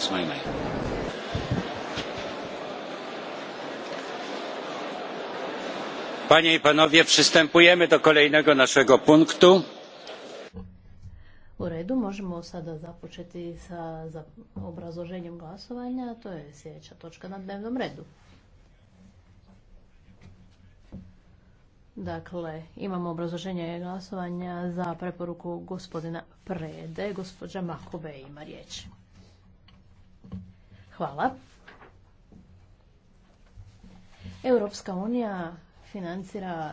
Ismailai. Panie i panowie, przystępujemy do kolejnego naszego punktu. U redu možemo sada započeti sa obrazloženjem glasovanja, to je sljedeća točka na dnevnom redu. Dakle, imamo obrazloženje glasovanja za preporuku gospodina Prede. Gospođa Makove ima riječ. Hvala. Europska unija financira